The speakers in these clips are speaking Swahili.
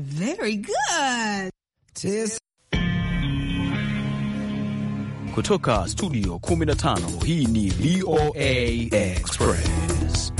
Very good. Tis Kutoka studio 15 hii ni VOA Express.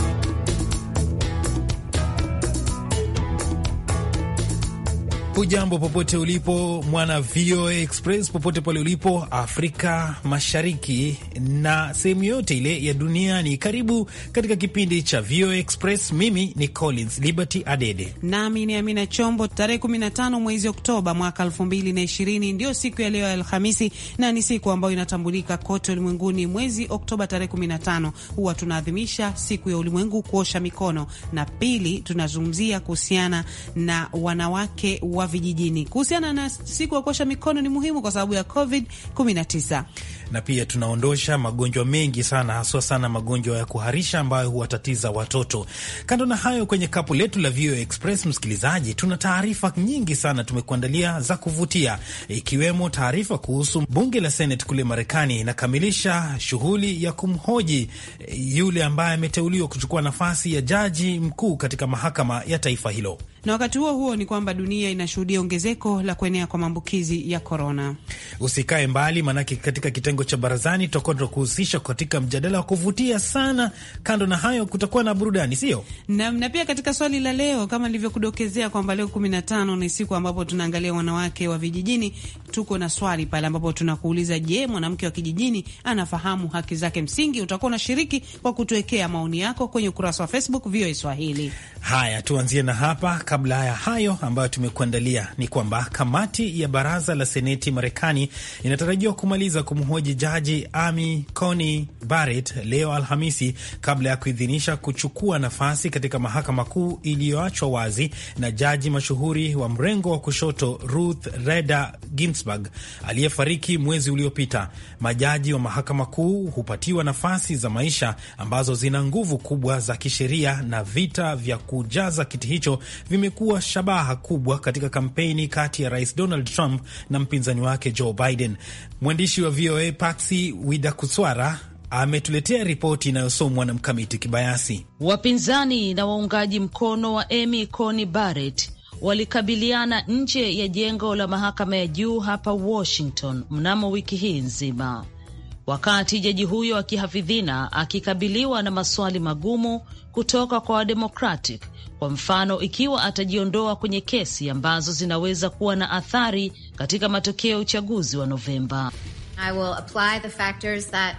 ujambo popote ulipo mwana VOA Express, popote pale ulipo Afrika Mashariki na sehemu yote ile ya duniani, karibu katika kipindi cha VOA Express. Mimi ni Collins Liberty Adede nami ni Amina Chombo. Tarehe 15 mwezi Oktoba mwaka 2020 ndio siku ya leo ya Alhamisi, na ni siku ambayo inatambulika kote ulimwenguni. Mwezi Oktoba tarehe 15 huwa tunaadhimisha siku ya ulimwengu kuosha mikono, na pili tunazungumzia kuhusiana na wanawake wa wa vijijini. Kuhusiana na siku ya kuosha mikono, ni muhimu kwa sababu ya COVID 19 na pia tunaondosha magonjwa mengi sana, haswa sana magonjwa ya kuharisha ambayo huwatatiza watoto. Kando na hayo, kwenye kapu letu la VOA Express, msikilizaji, tuna taarifa nyingi sana tumekuandalia za kuvutia, ikiwemo taarifa kuhusu bunge la Senate kule Marekani inakamilisha shughuli ya kumhoji eh, yule ambaye ameteuliwa kuchukua nafasi ya jaji mkuu katika mahakama ya taifa hilo na wakati huo huo ni kwamba dunia inashuhudia ongezeko la kuenea kwa maambukizi ya korona. Usikae mbali, maanake katika kitengo kitengo cha barazani, tutakuwa tunakuhusisha katika mjadala wa kuvutia sana. Kando na hayo, kutakuwa na burudani, sio nam, na pia katika swali la leo, kama nilivyokudokezea kwamba leo kumi na tano ni siku ambapo tunaangalia wanawake wa vijijini. Tuko na swali pale ambapo tunakuuliza, je, mwanamke wa kijijini anafahamu haki zake msingi? Utakuwa unashiriki kwa kutuwekea maoni yako kwenye ukurasa wa Facebook VOA Swahili. Haya, tuanzie na hapa. Kabla ya hayo ambayo tumekuandalia, ni kwamba kamati ya baraza la seneti Marekani inatarajiwa kumaliza kumhoji msemaji Jaji Amy Coney Barrett leo Alhamisi kabla ya kuidhinisha kuchukua nafasi katika mahakama kuu iliyoachwa wazi na jaji mashuhuri wa mrengo wa kushoto Ruth Reda Ginsburg aliyefariki mwezi uliopita. Majaji wa mahakama kuu hupatiwa nafasi za maisha ambazo zina nguvu kubwa za kisheria, na vita vya kujaza kiti hicho vimekuwa shabaha kubwa katika kampeni kati ya Rais Donald Trump na mpinzani wake Joe Biden. Mwandishi wa VOA Wida Widakuswara ametuletea ripoti inayosomwa na Mkamiti Kibayasi. Wapinzani na waungaji mkono wa Amy Coney Barrett walikabiliana nje ya jengo la mahakama ya juu hapa Washington mnamo wiki hii nzima, wakati jaji huyo akihafidhina akikabiliwa na maswali magumu kutoka kwa Wademokratic, kwa mfano, ikiwa atajiondoa kwenye kesi ambazo zinaweza kuwa na athari katika matokeo ya uchaguzi wa Novemba. I will apply the factors that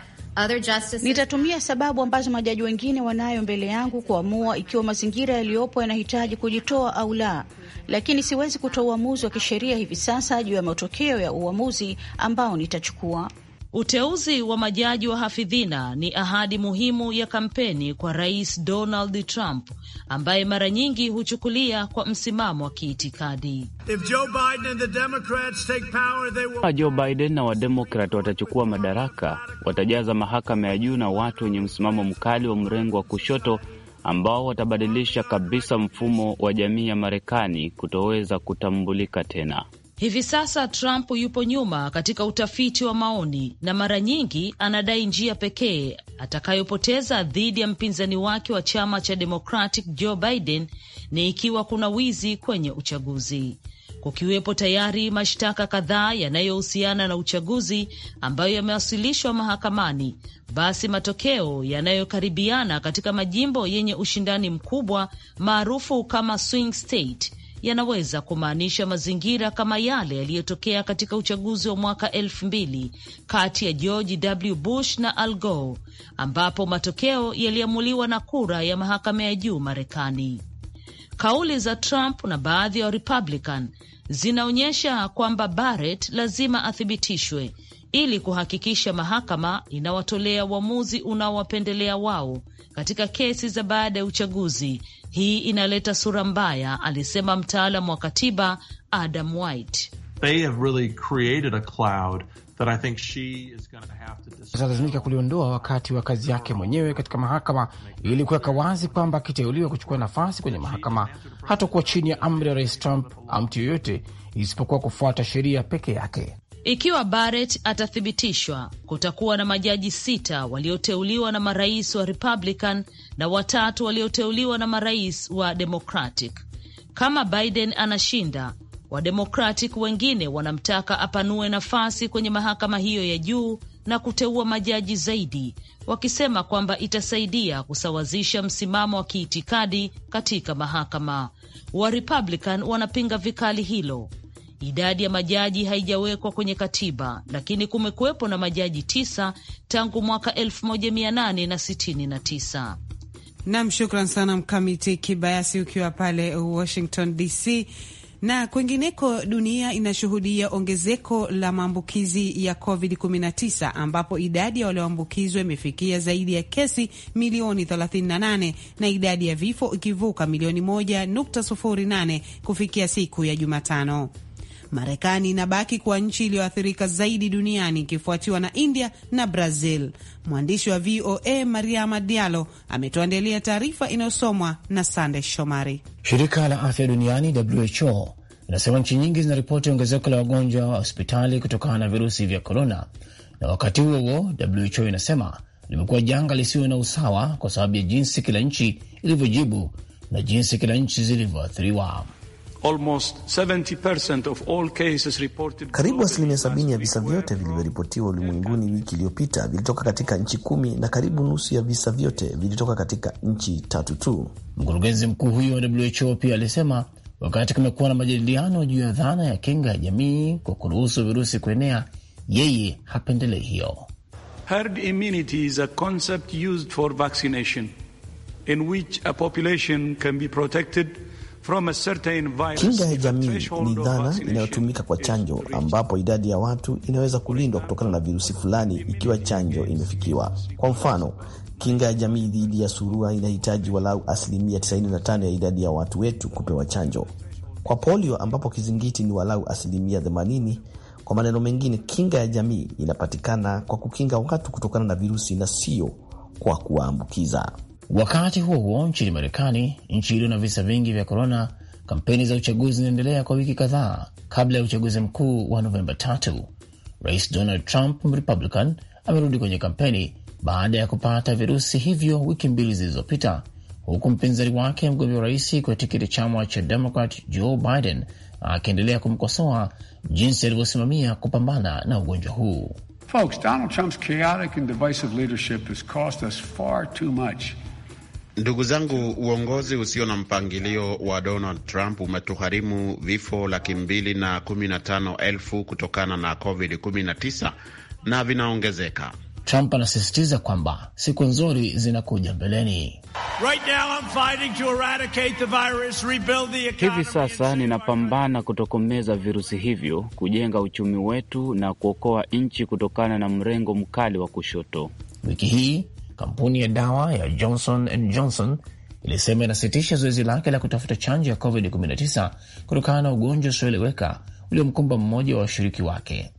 Justices... nitatumia sababu ambazo majaji wengine wanayo mbele yangu kuamua ikiwa mazingira yaliyopo yanahitaji kujitoa au la, lakini siwezi kutoa uamuzi wa kisheria hivi sasa juu ya matokeo ya uamuzi ambao nitachukua. Uteuzi wa majaji wa hafidhina ni ahadi muhimu ya kampeni kwa Rais Donald Trump ambaye mara nyingi huchukulia kwa msimamo wa kiitikadi. Kama Joe Biden na Wademokrat watachukua madaraka, watajaza mahakama ya juu na watu wenye msimamo mkali wa mrengo wa kushoto ambao watabadilisha kabisa mfumo wa jamii ya Marekani kutoweza kutambulika tena. Hivi sasa Trump yupo nyuma katika utafiti wa maoni na mara nyingi anadai njia pekee atakayopoteza dhidi ya mpinzani wake wa chama cha Democratic Joe Biden ni ikiwa kuna wizi kwenye uchaguzi, kukiwepo tayari mashtaka kadhaa yanayohusiana na uchaguzi ambayo yamewasilishwa mahakamani. Basi matokeo yanayokaribiana katika majimbo yenye ushindani mkubwa maarufu kama swing state yanaweza kumaanisha mazingira kama yale yaliyotokea katika uchaguzi wa mwaka elfu mbili kati ya George W. Bush na Al Gore, ambapo matokeo yaliamuliwa na kura ya mahakama ya juu Marekani. Kauli za Trump na baadhi ya wa Republican zinaonyesha kwamba Barrett lazima athibitishwe ili kuhakikisha mahakama inawatolea uamuzi unaowapendelea wao katika kesi za baada ya uchaguzi hii inaleta sura mbaya, alisema mtaalam wa katiba Adam White. Atalazimika kuliondoa wakati wa kazi yake mwenyewe katika mahakama ili kuweka wazi kwamba akiteuliwa kuchukua nafasi kwenye mahakama hatakuwa chini ya amri ya rais Trump au mtu yoyote isipokuwa kufuata sheria peke yake. Ikiwa Barrett atathibitishwa, kutakuwa na majaji sita walioteuliwa na marais wa Republican na watatu walioteuliwa na marais wa Democratic. Kama Biden anashinda, Wademokratic wengine wanamtaka apanue nafasi kwenye mahakama hiyo ya juu na kuteua majaji zaidi, wakisema kwamba itasaidia kusawazisha msimamo wa kiitikadi katika mahakama. warpublican wanapinga vikali hilo Idadi ya majaji haijawekwa kwenye katiba, lakini kumekuwepo na majaji tisa tangu mwaka 1869. Nam, shukran sana Mkamiti Kibayasi ukiwa pale Washington DC. Na kwingineko, dunia inashuhudia ongezeko la maambukizi ya COVID-19 ambapo idadi ya walioambukizwa imefikia zaidi ya kesi milioni 38 na idadi ya vifo ikivuka milioni 1.08 kufikia siku ya Jumatano. Marekani inabaki kuwa nchi iliyoathirika zaidi duniani ikifuatiwa na India na Brazil. Mwandishi wa VOA Mariama Diallo ametuandalia taarifa inayosomwa na Sande Shomari. Shirika la afya duniani WHO linasema nchi nyingi zinaripoti ongezeko la wagonjwa wa hospitali kutokana na virusi vya korona, na wakati huo huo WHO inasema limekuwa janga lisiyo na usawa kwa sababu ya jinsi kila nchi ilivyojibu na jinsi kila nchi zilivyoathiriwa. Karibu asilimia sabini ya visa vyote vilivyoripotiwa ulimwenguni wiki iliyopita vilitoka katika nchi kumi na karibu nusu ya visa vyote vilitoka katika nchi tatu tu. Mkurugenzi mkuu huyo wa WHO pia alisema wakati kumekuwa na majadiliano juu ya dhana ya kinga ya jamii kwa kuruhusu virusi kuenea, yeye hapendelei hiyo. Herd immunity is a concept used for vaccination in which a population can be protected Kinga ya jamii ni dhana inayotumika kwa chanjo, ambapo idadi ya watu inaweza kulindwa kutokana na virusi fulani ikiwa chanjo imefikiwa. Kwa mfano, kinga ya jamii dhidi ya surua inahitaji walau asilimia 95 ya idadi ya watu wetu kupewa chanjo. Kwa polio, ambapo kizingiti ni walau asilimia 80. Kwa maneno mengine, kinga ya jamii inapatikana kwa kukinga watu kutokana na virusi na sio kwa kuwaambukiza. Wakati huo huo, nchini Marekani, nchi iliyo na visa vingi vya korona, kampeni za uchaguzi zinaendelea kwa wiki kadhaa kabla ya uchaguzi mkuu wa Novemba tatu. Rais Donald Trump Mrepublican amerudi kwenye kampeni baada ya kupata virusi hivyo wiki mbili zilizopita, huku mpinzani wake mgombea wa rais kwa tiketi chama cha Demokrat Joe Biden akiendelea kumkosoa jinsi alivyosimamia kupambana na ugonjwa huu. Folks, Donald Trump's chaotic and divisive leadership has cost us far too much. Ndugu zangu, uongozi usio na mpangilio wa Donald Trump umetuharimu vifo laki mbili na kumi na tano elfu kutokana na COVID-19 na vinaongezeka. Trump anasisitiza kwamba siku nzuri zinakuja mbeleni. Right now I'm fighting to eradicate the virus, rebuild the economy. Hivi sasa ninapambana kutokomeza virusi hivyo, kujenga uchumi wetu na kuokoa nchi kutokana na mrengo mkali wa kushoto. Wiki hii kampuni ya dawa ya Johnson and Johnson ilisema inasitisha zoezi lake la kutafuta chanjo ya COVID-19 kutokana na ugonjwa usioeleweka uliomkumba mmoja wa washiriki wake.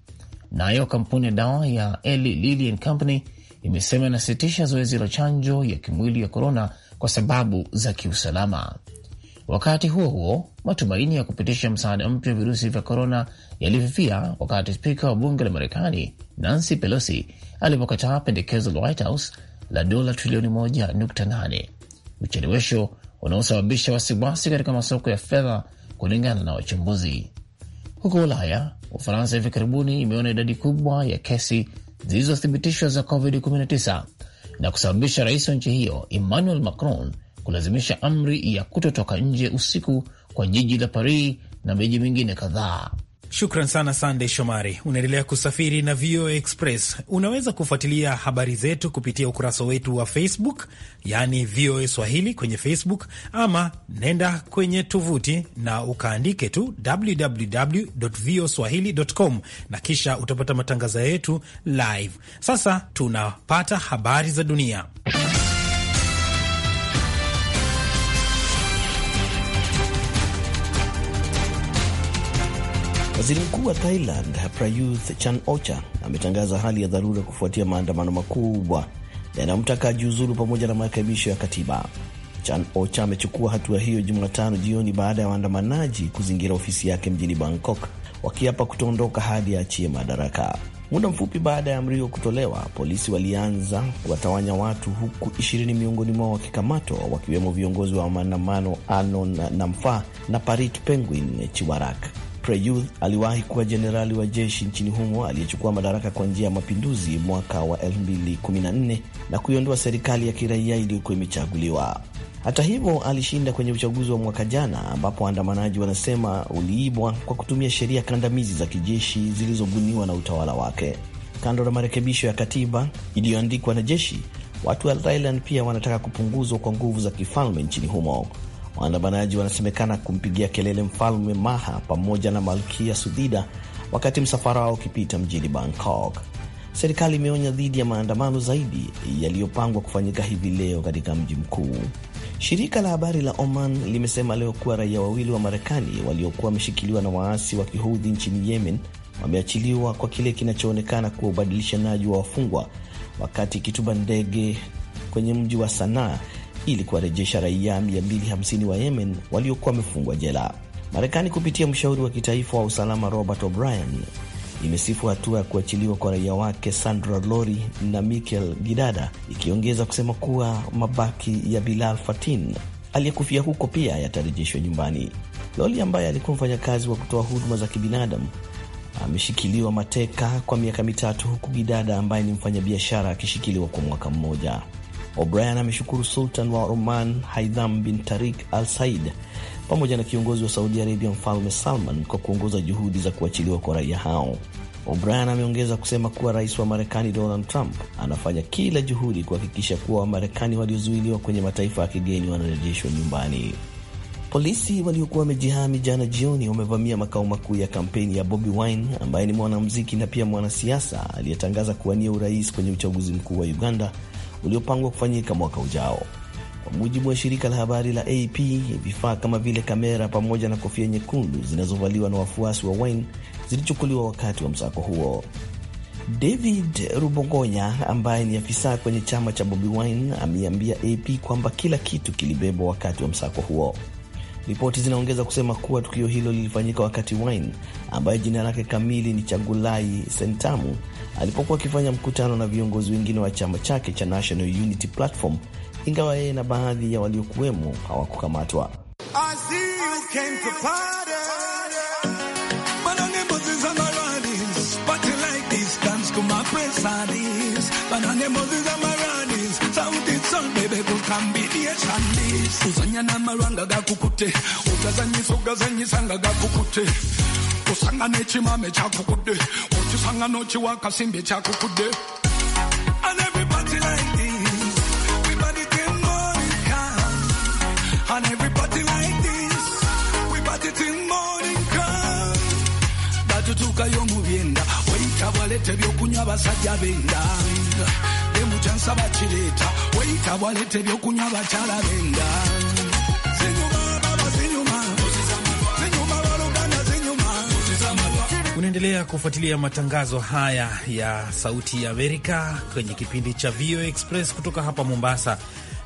Nayo kampuni ya dawa ya Eli Lilly and Company imesema inasitisha zoezi la chanjo ya kimwili ya korona kwa sababu za kiusalama. Wakati huo huo, matumaini ya kupitisha msaada mpya wa virusi vya korona yalififia wakati spika wa bunge la Marekani Nancy Pelosi alipokataa pendekezo la White House la dola trilioni 1.8, uchelewesho unaosababisha wasiwasi katika masoko ya fedha, kulingana na wachambuzi. Huko Ulaya, Ufaransa hivi karibuni imeona idadi kubwa ya kesi zilizothibitishwa za COVID-19 na kusababisha rais wa nchi hiyo Emmanuel Macron kulazimisha amri ya kutotoka nje usiku kwa jiji la Paris na miji mingine kadhaa. Shukran sana Sandey Shomari. Unaendelea kusafiri na VOA Express. Unaweza kufuatilia habari zetu kupitia ukurasa wetu wa Facebook, yaani VOA Swahili kwenye Facebook, ama nenda kwenye tovuti na ukaandike tu www voa swahili com, na kisha utapata matangazo yetu live. Sasa tunapata habari za dunia. Waziri mkuu wa Thailand Prayuth Chan-ocha ametangaza hali ya dharura kufuatia maandamano makubwa yanayomtaka ajiuzulu pamoja na marekebisho ya katiba. Chan-ocha amechukua hatua hiyo Jumatano jioni baada ya waandamanaji kuzingira ofisi yake mjini Bangkok wakiapa kutoondoka hadi aachie madaraka. Muda mfupi baada ya amri hiyo kutolewa, polisi walianza kuwatawanya watu, huku ishirini miongoni mwao wakikamatwa, wakiwemo viongozi wa maandamano Anon Namfa na Parit Penguin Chiwarak. Prayuth aliwahi kuwa jenerali wa jeshi nchini humo aliyechukua madaraka kwa njia ya mapinduzi mwaka wa 2014 na kuiondoa serikali ya kiraia iliyokuwa imechaguliwa. Hata hivyo, alishinda kwenye uchaguzi wa mwaka jana, ambapo waandamanaji wanasema uliibwa kwa kutumia sheria kandamizi za kijeshi zilizobuniwa na utawala wake. Kando na marekebisho ya katiba iliyoandikwa na jeshi, watu wa Thailand pia wanataka kupunguzwa kwa nguvu za kifalme nchini humo. Waandamanaji wanasemekana kumpigia kelele mfalme Maha pamoja na malkia Sudhida wakati msafara wao ukipita mjini Bangkok. Serikali imeonya dhidi ya maandamano zaidi yaliyopangwa kufanyika hivi leo katika mji mkuu. Shirika la habari la Oman limesema leo kuwa raia wawili wa Marekani waliokuwa wameshikiliwa na waasi wa kihudhi nchini Yemen wameachiliwa kwa kile kinachoonekana kuwa ubadilishanaji wa wafungwa, wakati ikituba ndege kwenye mji wa Sanaa ili kuwarejesha raia 250 wa Yemen waliokuwa wamefungwa jela. Marekani kupitia mshauri wa kitaifa wa usalama Robert O'Brien imesifu hatua ya kuachiliwa kwa raia wake Sandra Lori na Mikel Gidada, ikiongeza kusema kuwa mabaki ya Bilal Fatin aliyekufia huko pia yatarejeshwa nyumbani. Loli ambaye alikuwa mfanyakazi wa kutoa huduma za kibinadamu ameshikiliwa mateka kwa miaka mitatu, huku Gidada ambaye ni mfanyabiashara akishikiliwa kwa mwaka mmoja. O'Brien ameshukuru Sultan wa Oman Haitham bin Tarik Al Said pamoja na kiongozi wa Saudi Arabia Mfalme Salman kwa kuongoza juhudi za kuachiliwa kwa raia hao. O'Brien ameongeza kusema kuwa rais wa Marekani Donald Trump anafanya kila juhudi kuhakikisha kuwa Wamarekani waliozuiliwa kwenye mataifa ya kigeni wanarejeshwa nyumbani. Polisi waliokuwa wamejihami jana jioni wamevamia makao makuu ya kampeni ya Bobi Wine ambaye ni mwanamuziki na pia mwanasiasa aliyetangaza kuwania urais kwenye uchaguzi mkuu wa Uganda uliopangwa kufanyika mwaka ujao. Kwa mujibu wa shirika la habari la AP, vifaa kama vile kamera pamoja na kofia nyekundu zinazovaliwa na wafuasi wa Wine zilichukuliwa wakati wa msako huo. David Rubongonya ambaye ni afisa kwenye chama cha Bobi Wine ameambia AP kwamba kila kitu kilibebwa wakati wa msako huo. Ripoti zinaongeza kusema kuwa tukio hilo lilifanyika wakati Wine ambaye jina lake kamili ni Chagulai Sentamu alipokuwa akifanya mkutano na viongozi wengine wa chama chake cha National Unity Platform, ingawa yeye na baadhi ya waliokuwemo hawakukamatwa. uzanya namalwa nga gakukute utazanyisa ugazanyisa nga gakukute osanga nekimama ekyakukudde okisanga nokiwa akasimbi ekyakukudde gatutuukayo omubyenda oyita bwalete byokunywa abasajja benda weyita ebyokunywa bakyala benda Unaendelea kufuatilia matangazo haya ya Sauti ya Amerika kwenye kipindi cha VOA Express kutoka hapa Mombasa,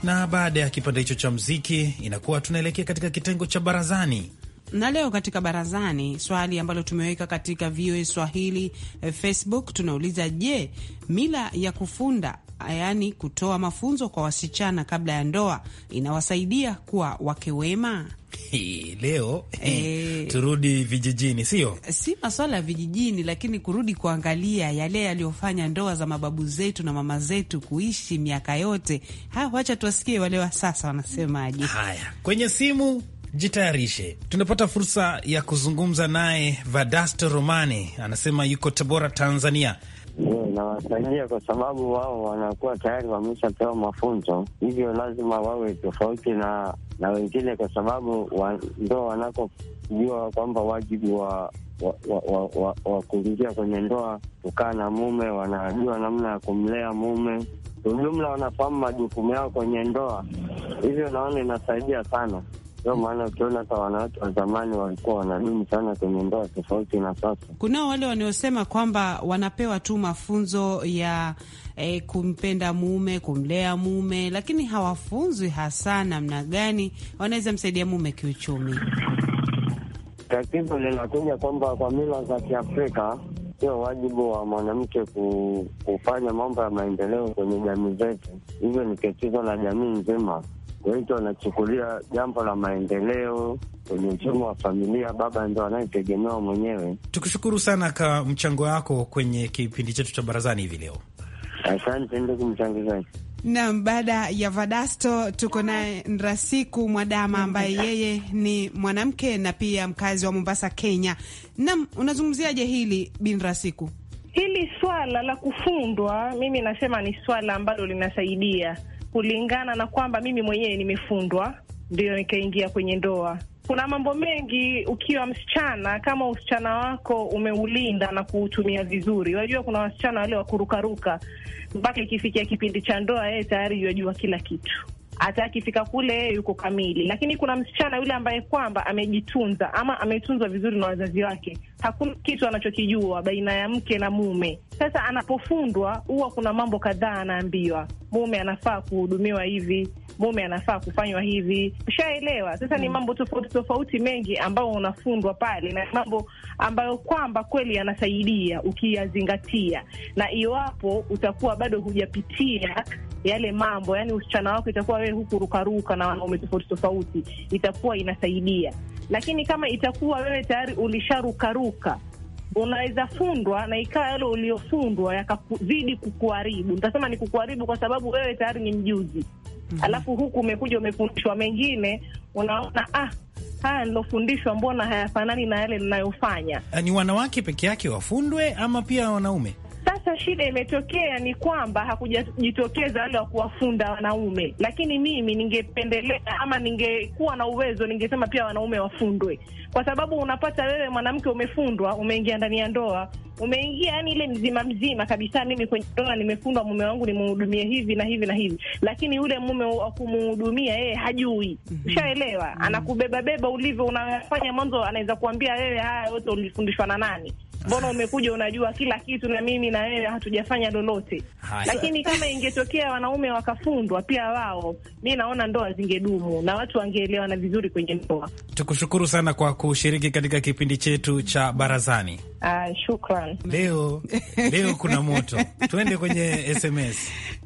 na baada ya kipande hicho cha mziki inakuwa tunaelekea katika kitengo cha barazani na leo katika barazani swali ambalo tumeweka katika VOA Swahili eh, Facebook tunauliza: Je, mila ya kufunda yaani kutoa mafunzo kwa wasichana kabla ya ndoa inawasaidia kuwa wake wema? Hii, leo e, turudi vijijini, sio si maswala ya vijijini, lakini kurudi kuangalia yale yaliyofanya ndoa za mababu zetu na mama zetu kuishi miaka yote. Ha, wacha tuwasikie wale wa sasa wanasemaje. Haya, kwenye simu Jitayarishe, tunapata fursa ya kuzungumza naye Vadasto Romani, anasema yuko Tabora, Tanzania inawasaidia eh, kwa sababu wao wanakuwa tayari wameshapewa mafunzo, hivyo lazima wawe tofauti na na wengine, kwa sababu wa, ndo wanakojua kwamba wajibu wa wa, wa, wa, wa, wa kuingia kwenye ndoa, kukaa na mume, wanajua namna ya kumlea mume. ujumla, wanafahamu majukumu yao kwenye ndoa, hivyo naona inasaidia sana. Ndio maana ukiona hata wanawake wa zamani walikuwa wanadumu sana kwenye ndoa tofauti na sasa. Kunao wale wanaosema kwamba wanapewa tu mafunzo ya eh, kumpenda mume, kumlea mume, lakini hawafunzwi hasa namna gani wanaweza msaidia mume kiuchumi. Tatizo linakuja kwamba kwa mila za Kiafrika sio wajibu wa mwanamke kufanya mambo ya maendeleo kwenye jamii zetu, hivyo ni tatizo la jamii nzima wengi wanachukulia jambo la maendeleo kwenye uchumi wa familia, baba ndo anayetegemewa mwenyewe. Tukushukuru sana kwa mchango wako kwenye kipindi chetu cha barazani hivi leo. Asante ndugu mchangizaji. Naam, baada ya Vadasto tuko naye Nrasiku Mwadama ambaye yeye ni mwanamke na pia mkazi wa Mombasa, Kenya. Naam, unazungumziaje hili bin Rasiku? Hili swala la kufundwa, mimi nasema ni swala ambalo linasaidia kulingana na kwamba mimi mwenyewe nimefundwa ndio nikaingia kwenye ndoa. Kuna mambo mengi ukiwa msichana, kama usichana wako umeulinda na kuutumia vizuri. Unajua kuna wasichana wale wakurukaruka, mpaka ikifikia kipindi cha ndoa, yeye tayari wajua kila kitu hata akifika kule yuko kamili. Lakini kuna msichana yule ambaye kwamba amejitunza ama ametunzwa vizuri na wazazi wake, hakuna kitu anachokijua baina ya mke na mume. Sasa anapofundwa, huwa kuna mambo kadhaa anaambiwa, mume anafaa kuhudumiwa hivi, mume anafaa kufanywa hivi, ushaelewa? Sasa mm, ni mambo tofauti tofauti mengi ambayo unafundwa pale, na mambo ambayo kwamba kweli yanasaidia ukiyazingatia, na iwapo utakuwa bado hujapitia yale mambo, yani usichana wako itakuwa wewe huku rukaruka na wanaume tofauti tofauti, itakuwa inasaidia. Lakini kama itakuwa wewe tayari ulisharukaruka unaweza fundwa na ikawa yale uliofundwa yakazidi kukuharibu. Nitasema ni kukuharibu kwa sababu wewe tayari ni mjuzi mm -hmm. Alafu huku umekuja umefundishwa mengine, unaona ah, haya nilofundishwa mbona hayafanani na yale ninayofanya. Ah, ni wanawake peke yake wafundwe ama pia wanaume? Sasa shida imetokea ni kwamba hakujajitokeza wale wa kuwafunda wanaume, lakini mimi ningependelea ama ningekuwa na uwezo, ningesema pia wanaume wafundwe, kwa sababu unapata wewe mwanamke umefundwa, umeingia ndani ya ndoa umeingia, yani ile mzima mzima kabisa. Mimi kwenye ndoa nimefundwa mume wangu nimhudumie hivi na hivi na hivi, lakini yule mume wa kumhudumia yeye hajui. Mhm. Ushaelewa? mm -hmm. Anakubeba beba ulivyo unafanya mwanzo, anaweza kuambia wewe, haya yote ulifundishwa na nani? Mbona umekuja unajua kila kitu, na mimi na wewe hatujafanya lolote. Lakini kama ingetokea wanaume wakafundwa pia wao, mi naona ndoa zingedumu na watu wangeelewana vizuri kwenye ndoa. Tukushukuru sana kwa kushiriki katika kipindi chetu cha Barazani. Uh, shukran. Leo leo kuna moto tuende kwenye SMS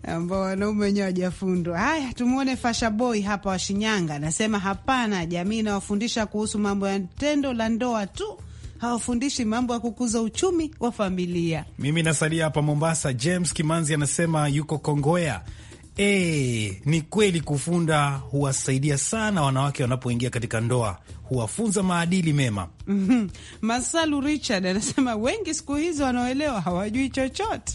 ambao wanaume wenyewe wajafundwa. Haya, tumwone Fasha Boy hapa wa Shinyanga, anasema hapana, jamii inawafundisha kuhusu mambo ya tendo la ndoa tu hawafundishi mambo ya kukuza uchumi wa familia. Mimi nasalia hapa Mombasa. James Kimanzi anasema yuko Kongowea E, ni kweli kufunda huwasaidia sana wanawake wanapoingia katika ndoa, huwafunza maadili mema. mm -hmm. Masalu Richard anasema wengi siku hizi wanaoelewa hawajui chochote.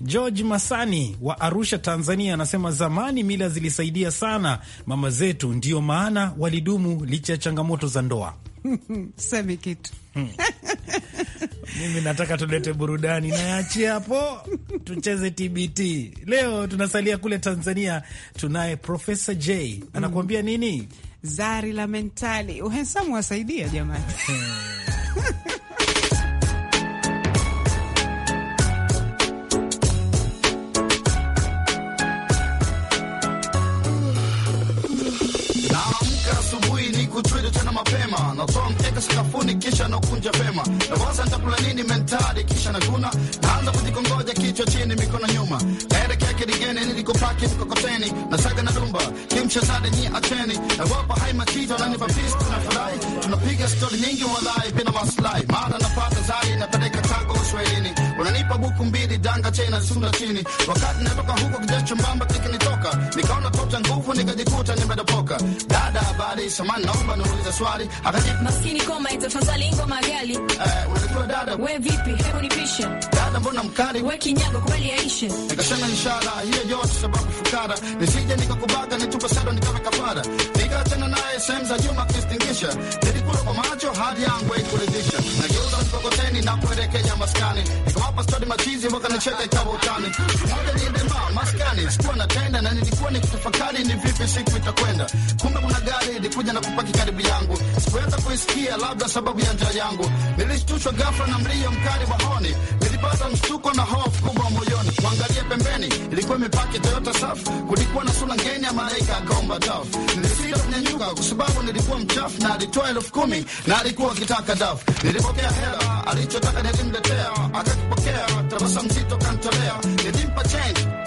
George Masani wa Arusha, Tanzania, anasema zamani mila zilisaidia sana mama zetu, ndiyo maana walidumu licha ya changamoto za ndoa. seme kitu hmm. mimi nataka tulete burudani, naachia hapo, tucheze TBT. Leo tunasalia kule Tanzania, tunaye Profesa J anakuambia nini? Hmm. Zari la mentali uhesamu wasaidia jamani mapema, natoa mkeka sakafuni, kisha nakunja vema, na kwanza nitakula nini mentari, kisha nakuna, naanza kujikongoja, kichwa chini, mikono nyuma, naelekea kirigeni, nilikopaki mkokoteni, nasaga na rumba, kimshazade nyi acheni, nawapa hai machizo, nanipa pisi, tunafurahi, tunapiga stori nyingi, walai pina maslahi, mara napata zai, napeleka kago uswahilini, unanipa buku mbili, danga chena sunda chini, wakati natoka huko kijacho mbamba kikinitoka, nikaona tocha nguvu, nikajikuta nimedopoka habari samani, naomba niulize swali. Akajibu maskini koma itafadhali ngoma gali. Eh, unajua dada, we vipi? Hebu nipishe dada, mbona mkali we kinyago, kweli yaishe. Nikasema inshala hiyo yote sababu fukara, nisije nikakubaka nitupa sada nikawe kafara. Nikaachana naye sehemu za juma kuistingisha, nilikula kwa macho hadi yangu haikuridhisha. Nageuza mkokoteni na kuelekea maskani, nikawapa stadi machizi wakanicheka ikawa utani. Moja niende ma maskani, sikuwa natenda na nilikuwa nikitafakari ni vipi siku itakwenda, kumbe kuna Jared kuja na kupaki karibu yangu, sikuweza kuisikia, labda sababu ya njaa yangu. Nilishtushwa ghafla na mlio mkali wa honi, nilipata mshtuko na hofu kubwa moyoni. Kuangalia pembeni, ilikuwa imepaki Toyota safi, kulikuwa na sura ngeni ya malaika akaomba dafu. Nilisita kunyanyuka kwa sababu nilikuwa mchafu, na alitoa elfu kumi na alikuwa akitaka dafu. Nilipokea hela alichotaka nilimletea, akakipokea, tabasamu zito kantolea, nilimpa change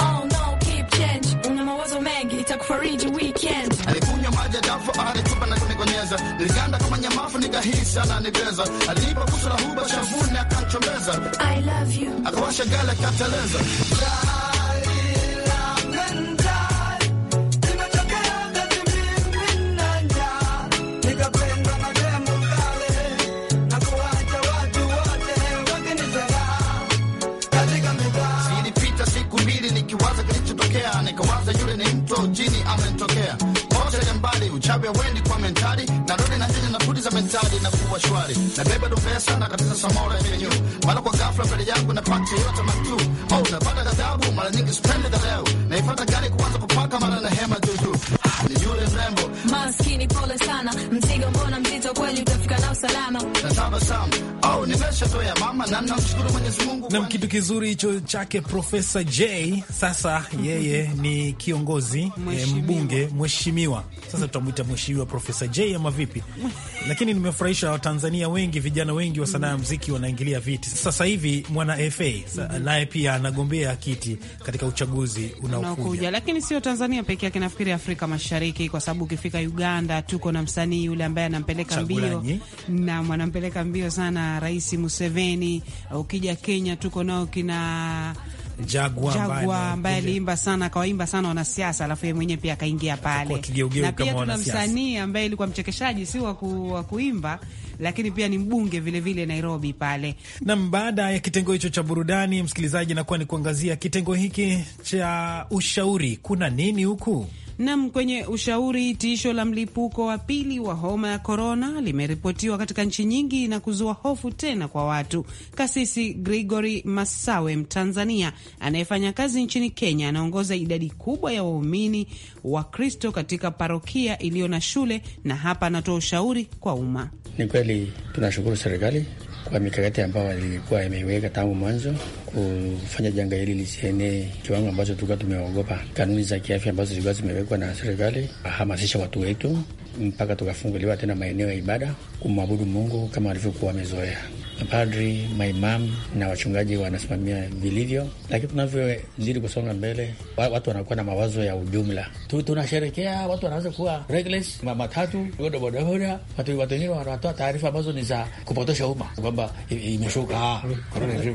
itakufariji weekend. Alikunywa maji ya dafu na kunigonyeza, niliganda kama nyamafu, nikahisi huba shavuni, I love you, akawasha gala, akateleza mchezo jini amenitokea moja mbali uchabe wendi kwa mentali na rudi na jini na kudi za mentali na kuwa shwari na beba dombesa na katiza samora yenyu mara kwa ghafla mbele yangu na pakti yote matu au oh, napata ghadhabu mara nyingi sipendi dhaleo na ifata gari kuanza kupaka mara na hema juju ah, ni yule mrembo maskini pole sana mzigo mbona mzito kweli utafika nao salama na tabasamu Nam, kitu kizuri hicho chake Profesa J. Sasa yeye ni kiongozi eh, mheshimiwa, mbunge mheshimiwa. Sasa tutamwita mheshimiwa Profesa J ama vipi? Lakini nimefurahisha Watanzania wengi, vijana wengi wa sanaa ya mziki wanaingilia viti sasa hivi. Mwana FA mm-hmm. naye pia anagombea kiti katika uchaguzi unaokuja, lakini sio Tanzania peke yake, nafikiri Afrika Mashariki, kwa sababu ukifika Uganda tuko na msanii yule ambaye anampeleka mbio, nam anampeleka mbio sana rais Museveni. Ukija Kenya tuko nao kina Jagwa, Jagwa ambaye aliimba sana akawaimba sana wanasiasa, alafu ye mwenyewe pia akaingia pale, na pia tuna msanii ambaye ilikuwa mchekeshaji si wa kuimba lakini pia ni mbunge vilevile vile Nairobi pale. Nam, baada ya kitengo hicho cha burudani, msikilizaji, nakuwa ni kuangazia kitengo hiki cha ushauri. Kuna nini huku? Nam, kwenye ushauri, tisho la mlipuko wa pili wa homa ya korona limeripotiwa katika nchi nyingi na kuzua hofu tena kwa watu. Kasisi grigory Masawe, Mtanzania anayefanya kazi nchini Kenya, anaongoza idadi kubwa ya waumini wa Kristo katika parokia iliyo na shule, na hapa anatoa ushauri kwa umma. Ni kweli tunashukuru serikali kwa mikakati ambayo ilikuwa imeiweka tangu mwanzo kufanya janga hili lisienee kiwango ambacho tulikuwa tumeogopa. Kanuni za kiafya ambazo zilikuwa zimewekwa na serikali hamasisha watu wetu mpaka tukafunguliwa tena maeneo ya ibada kumwabudu Mungu kama walivyokuwa wamezoea mapadri, maimam na wachungaji wanasimamia vilivyo, lakini tunavyozidi kusonga mbele, watu wanakuwa na mawazo ya ujumla tu. Tunasherekea, watu wanaweza kuwa reckless, matatu, bodaboda. Watu wengine wanatoa taarifa ambazo ni za kupotosha umma kwamba imeshuka ah,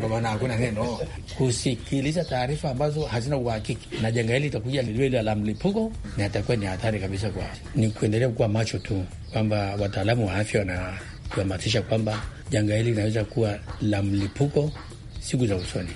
korona, hakuna neno kusikiliza taarifa ambazo hazina uhakiki, na janga hili itakuja liwe la mlipuko na itakuwa ni hatari kabisa. Kwa ni kuendelea kuwa macho tu kwamba wataalamu wa afya na kuhamasisha kwamba janga hili linaweza kuwa la mlipuko siku za usoni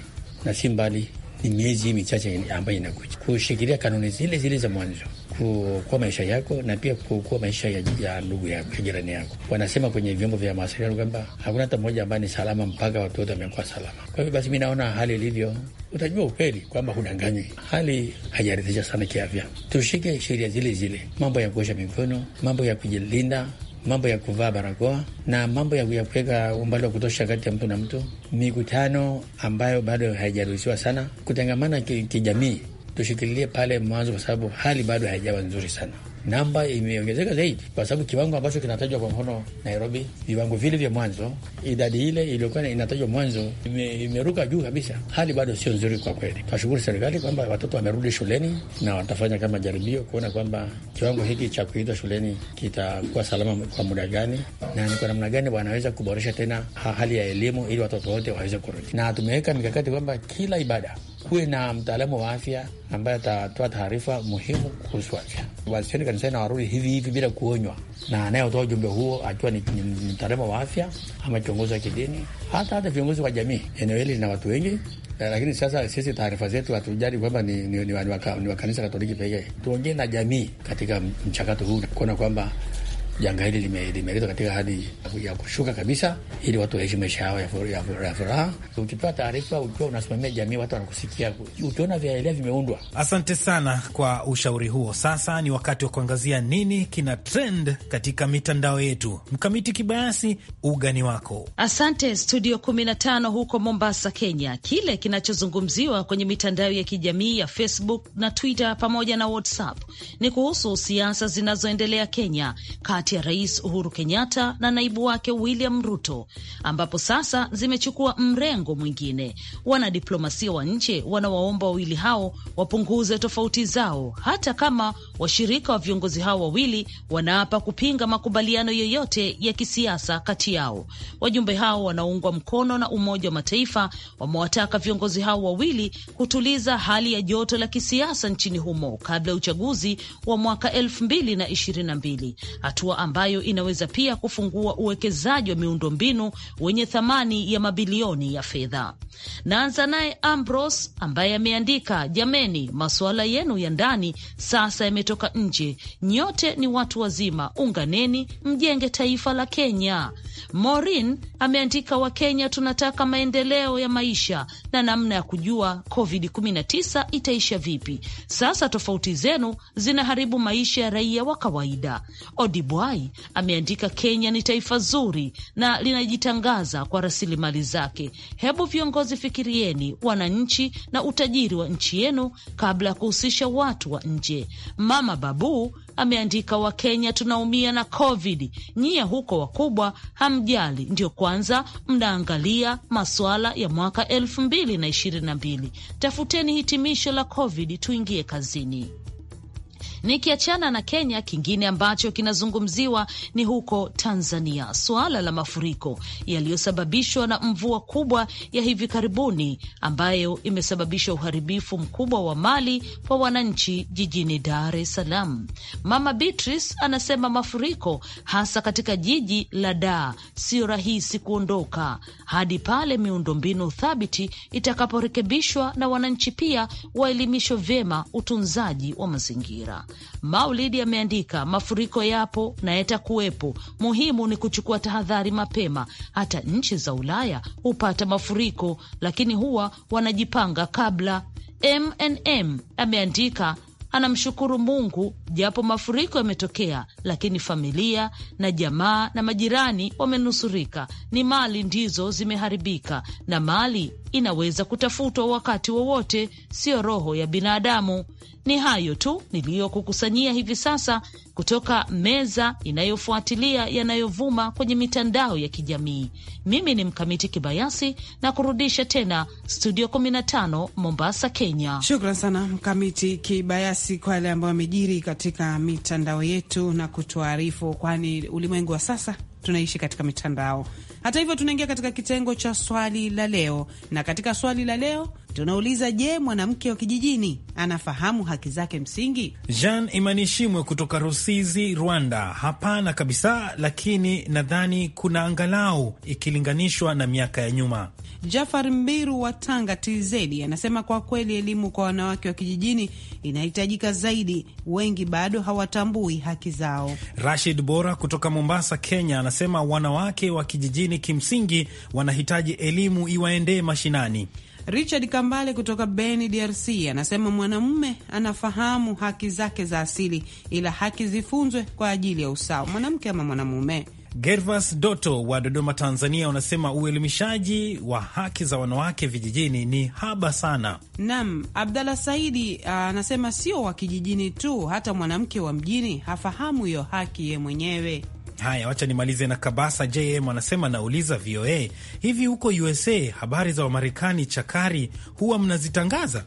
na si mbali, ni miezi michache ambayo inakuja. Kushikilia kanuni zile zile za mwanzo, kuokoa maisha yako na pia kuokoa maisha ya, ya ndugu yako ya jirani yako. Wanasema kwenye vyombo vya mawasiliano kwamba hakuna hata mmoja ambaye ni salama mpaka watu wote wamekuwa salama. Kwa hivyo basi, mi naona hali ilivyo, utajua ukweli kwamba hudanganywi. Hali haijaridhisha sana kiafya. Tushike sheria zile zile, mambo ya kuosha mikono, mambo ya kujilinda mambo ya kuvaa barakoa na mambo ya kuweka umbali wa kutosha kati ya mtu na mtu, mikutano ambayo bado haijaruhusiwa sana, kutengamana kijamii, tushikilie pale mwanzo, kwa sababu hali bado haijawa nzuri sana namba imeongezeka zaidi, kwa sababu kiwango ambacho kinatajwa, kwa mfano Nairobi, viwango vile vya mwanzo, idadi ile iliyokuwa inatajwa mwanzo ime, imeruka juu kabisa. Hali bado sio nzuri kwa kweli. Tunashukuru serikali kwamba watoto wamerudi shuleni na watafanya kama jaribio kuona kwamba kiwango hiki cha kuitwa shuleni kitakuwa salama kwa muda gani na ni kwa namna gani wanaweza kuboresha tena hali ya elimu ili watoto wote waweze kurudi, na tumeweka mikakati kwamba kila ibada kuwe na mtaalamu wa afya ambaye atatoa taarifa muhimu kuhusu afya. Wasioni kanisani na warudi hivi hivi bila kuonywa, na anayetoa ujumbe huo akiwa ni mtaalamu wa afya ama kiongozi wa kidini, hata hata viongozi wa jamii. Eneo hili lina watu wengi lakini sasa sisi taarifa zetu hatujali kwamba ni, ni, ni, ni, ni wa kanisa Katoliki pekee. Tuongee na jamii katika mchakato huu kuona kwamba janga hili limeletwa katika hali ya kushuka kabisa, ili watu waishi maisha yao ya furaha. Ukipewa taarifa ukiwa unasimamia jamii, watu wanakusikia, ukiona vyaelea vimeundwa. Asante sana kwa ushauri huo. Sasa ni wakati wa kuangazia nini kina trend katika mitandao yetu. Mkamiti Kibayasi, ugani wako. Asante studio 15 huko Mombasa, Kenya. Kile kinachozungumziwa kwenye mitandao ya kijamii ya Facebook na Twitter pamoja na WhatsApp ni kuhusu siasa zinazoendelea Kenya kati kati ya Rais Uhuru Kenyatta na naibu wake William Ruto, ambapo sasa zimechukua mrengo mwingine. Wanadiplomasia wa nje wanawaomba wawili hao wapunguze tofauti zao, hata kama washirika wa viongozi hao wawili wanaapa kupinga makubaliano yoyote ya kisiasa kati yao. Wajumbe hao wanaungwa mkono na Umoja wa Mataifa wamewataka viongozi hao wawili kutuliza hali ya joto la kisiasa nchini humo kabla ya uchaguzi wa mwaka elfu mbili na ishirini na mbili hatua ambayo inaweza pia kufungua uwekezaji wa miundombinu wenye thamani ya mabilioni ya fedha. Naanza naye Ambros ambaye ameandika, jameni, masuala yenu ya ndani sasa yametoka nje. Nyote ni watu wazima, unganeni, mjenge taifa la Kenya. Maureen ameandika, Wakenya tunataka maendeleo ya maisha na namna ya kujua COVID-19 itaisha vipi. Sasa tofauti zenu zinaharibu maisha ya raia wa kawaida. Odibwa Mwai ameandika Kenya ni taifa zuri na linajitangaza kwa rasilimali zake. Hebu viongozi, fikirieni wananchi na utajiri wa nchi yenu kabla ya kuhusisha watu wa nje. Mama Babu ameandika Wakenya tunaumia na Covid, nyie huko wakubwa hamjali, ndio kwanza mnaangalia masuala ya mwaka elfu mbili na ishirini na mbili. Tafuteni hitimisho la Covid tuingie kazini. Nikiachana na Kenya, kingine ambacho kinazungumziwa ni huko Tanzania, suala la mafuriko yaliyosababishwa na mvua kubwa ya hivi karibuni ambayo imesababisha uharibifu mkubwa wa mali kwa wananchi jijini Dar es Salaam. Mama Beatrice anasema mafuriko hasa katika jiji la Dar sio rahisi kuondoka hadi pale miundombinu thabiti itakaporekebishwa na wananchi pia waelimishwe vyema utunzaji wa mazingira. Maulidi ameandika mafuriko yapo na yatakuwepo, muhimu ni kuchukua tahadhari mapema. Hata nchi za Ulaya hupata mafuriko, lakini huwa wanajipanga kabla. MNM ameandika anamshukuru Mungu japo mafuriko yametokea, lakini familia na jamaa na majirani wamenusurika. Ni mali ndizo zimeharibika, na mali inaweza kutafutwa wakati wowote, siyo roho ya binadamu. Ni hayo tu niliyokukusanyia hivi sasa kutoka meza inayofuatilia yanayovuma kwenye mitandao ya kijamii. Mimi ni Mkamiti Kibayasi na kurudisha tena studio 15 Mombasa, Kenya. Shukran sana Mkamiti Kibayasi kwa yale ambayo amejiri katika mitandao yetu na kutuarifu, kwani ulimwengu wa sasa tunaishi katika mitandao. Hata hivyo, tunaingia katika kitengo cha swali la leo, na katika swali la leo Tunauliza, je, mwanamke wa kijijini anafahamu haki zake msingi? Jean Imanishimwe kutoka Rusizi, Rwanda: hapana kabisa, lakini nadhani kuna angalau ikilinganishwa na miaka ya nyuma. Jafar Mbiru wa Tanga TZ anasema kwa kweli elimu kwa wanawake wa kijijini inahitajika zaidi, wengi bado hawatambui haki zao. Rashid Bora kutoka Mombasa, Kenya anasema wanawake wa kijijini kimsingi wanahitaji elimu iwaendee mashinani. Richard Kambale kutoka Beni, DRC anasema mwanamume anafahamu haki zake za asili, ila haki zifunzwe kwa ajili ya usawa, mwanamke ama mwanamume. Gervas Doto wa Dodoma, Tanzania, unasema uelimishaji wa haki za wanawake vijijini ni haba sana. Naam, Abdallah Saidi ah, anasema sio wa kijijini tu, hata mwanamke wa mjini hafahamu hiyo haki ye mwenyewe. Haya, wacha nimalize na Kabasa JM anasema, nauliza VOA, hivi huko USA habari za Wamarekani chakari huwa mnazitangaza?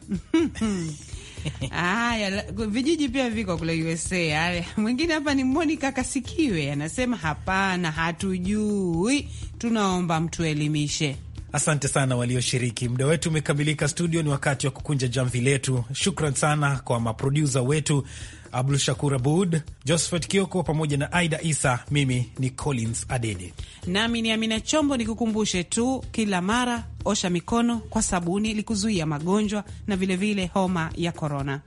Haya, vijiji pia viko kule USA. Haya, mwingine hapa ni Monica Kasikiwe anasema, hapana, hatujui, tunaomba mtuelimishe. Asante sana walioshiriki, muda wetu umekamilika. Studio ni wakati wa kukunja jamvi letu. Shukran sana kwa maprodusa wetu Abdul Shakur Abud, Josephat Kioko pamoja na Aida Isa. Mimi ni Collins Adede nami ni Amina Chombo. Nikukumbushe tu kila mara osha mikono kwa sabuni ili kuzuia magonjwa na vilevile vile homa ya korona.